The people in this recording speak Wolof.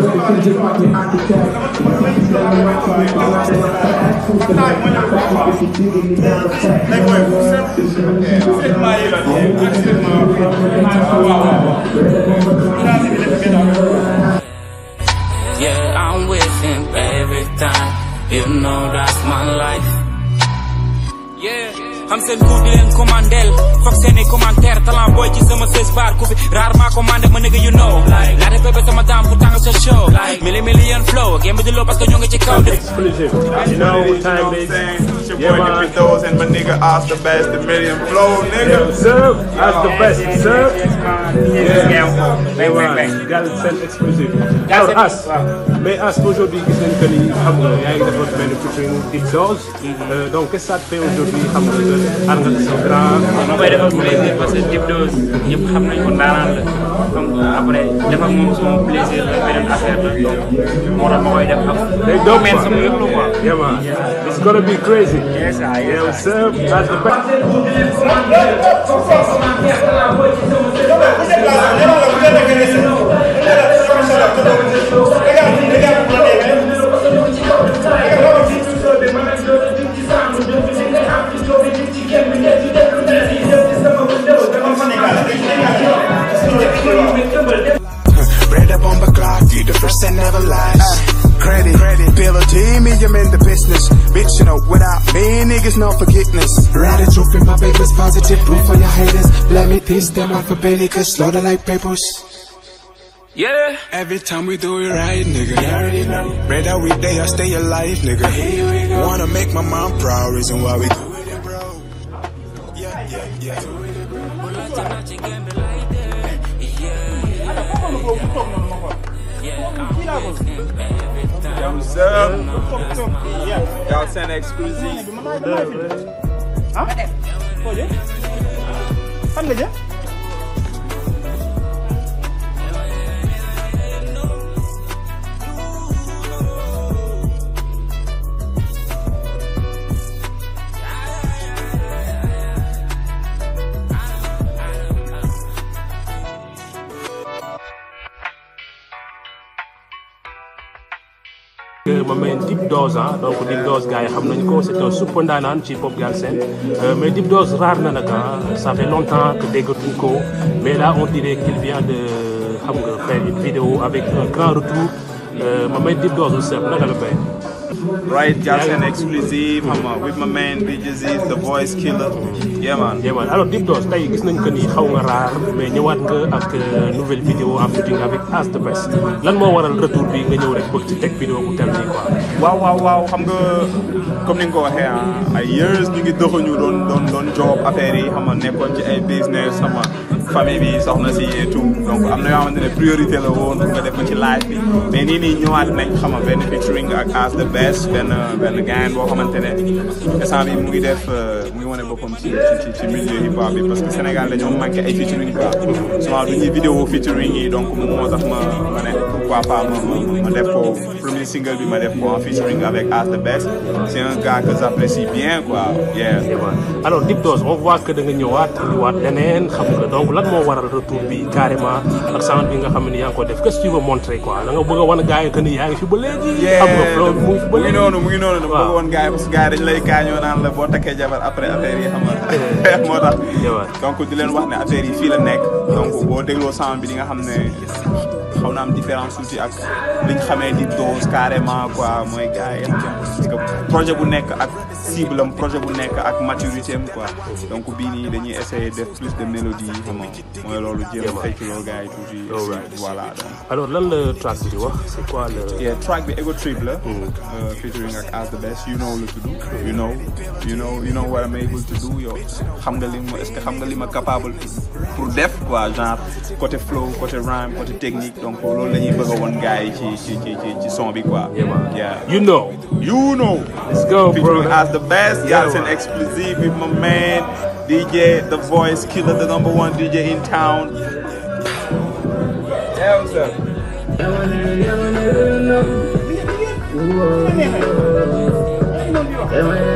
Yeah, I'm with him every time. You know that's my life. Yeah. xam seen góor di leen commandel foog seeni commentaire talent booy ci sama sës baar ku fi rarement commandé ma nëgg you know laata bébé sama temps show. Like Millie Million flow. Exclusive. You know what time it is. yeah, man. Nippy and my nigga Oz the best, the million flow, nigga. sir. Oz the best, sir. Yeah. Wait, wait, wait. Gotta send exclusive. Pour us. Mais us aujourd'hui, gis nañ que ni xam nga yaa ngi defoon benn featuring Deep Donc qu'est-ce que ça fait aujourd'hui xam nga que ar nga sa grand. Ma koy defal plaisir parce que Deep Doors ñëpp xam nañ ko ndaanaan la. Xam nga après defal moom sama plaisir la beneen affaire la donc moo tax ma koy def ndax. day doog man sama yëpp la yeah man it's gonna be crazy. yes sir yes sir. that's the best. Bread up on the clock, you the first and never lie ability, me, I'm in the business. Bitch, you know, without me, niggas, no forgiveness. Write a truth in my papers, positive proof for your haters. Let me teach them alphabetical, slaughter like papers. Yeah. Every time we do it right, nigga. You already know. Pray that we day, I stay alive, nigga. Here we go. Wanna make my mom proud, reason why we do it, bro. Yeah, yeah, yeah. Do it, bro. Yeah, yeah, yeah. Thumbs up. Y'all seen exclusive. ah. fan nga moment Deep Dose ah. donc Deep Dose gars yi xam ko un super ndaanaan ci pop sen euh, mais Deep Dose rare na ah. ça fait longtemps que déggatuñ mais là on dirait qu'il vient de xam faire une vidéo avec un grand retour ma may Deep Dose je seetlu la may. Right Jackson exclusive xam nga uh, with my man Big gis nañ que ni xaw nga raar mais ñëwaat nga ak euh, nouvelle vidéo en featuring avec As The Best lan moo waral retour bi nga ñëw rek bëgg ci teg vidéo bu tel nii quoi. waaw waaw xam nga comme ni nga ko waxee ah ay years ñu ngi doxuñu doon doon doon job affaire xam nga nekkoon ci ay business xam nga soxna si et tout donc am na yoo xamante ne priorité la woon nga def ci live bi mais nii nii ñëwaat nañ xam nga benn featuring ak As The Best bees benn benn gain boo xamante ne instant bi mu ngi def euh, mu ngi wane boppam ci ci ci milieu hip hop bi parce que Sénégal dañoo manqué ay featuring quoi a du ñuy vidéo featuring yi donc moom moo tax ma ma def premier single bi ma def ko avec As The Best c'est un gars bien quoi yeah. alors Deep Dose on voit que da nga ñëwaat indiwaat leneen xam nga donc lan moo waral retour bi carrément ak sound bi nga xam ne yaa ngi ko def qu'est-ce que tu veux montrer quoi da nga bëgg a wan gars ni yaa mu ngi noonu mu ngi noonu. waaw dama bëggoon gars yi parce que gars yi dañu lay kaañoo la boo takkee jabar après affaire xam nga moo tax. donc di leen wax ne affaire yi fii la nekk. donc boo dégloo sound bi di nga xam ne xaw na am différence tuuti ak liñ xamee di dose carrément ko mooy gars projet bu nekk ak. cible am projet bu nekk ak maturité am quoi donc bii nii dañuy essayer def plus de mélodie yi xam nga mooy loolu jéem fecc loolu gars yi tuuti. Oh, donc. lan la track bi di wax c'est quoi Ego Trip la. Hmm. Euh, featuring ak As the Best you know la tudd. you know you know you know what I'm able to do yow xam nga li ma xam nga li ma capable pour def quoi genre côté flow côté rhyme côté technique donc loolu la ñuy bëgg a woon gars ci ci ci son bi quoi. yeah you know. You know. Let's go, Featuring bro. As the best, Yatin Exclusive with my man, DJ The Voice Killer, the number one DJ in town. Yeah, what's up? Yeah.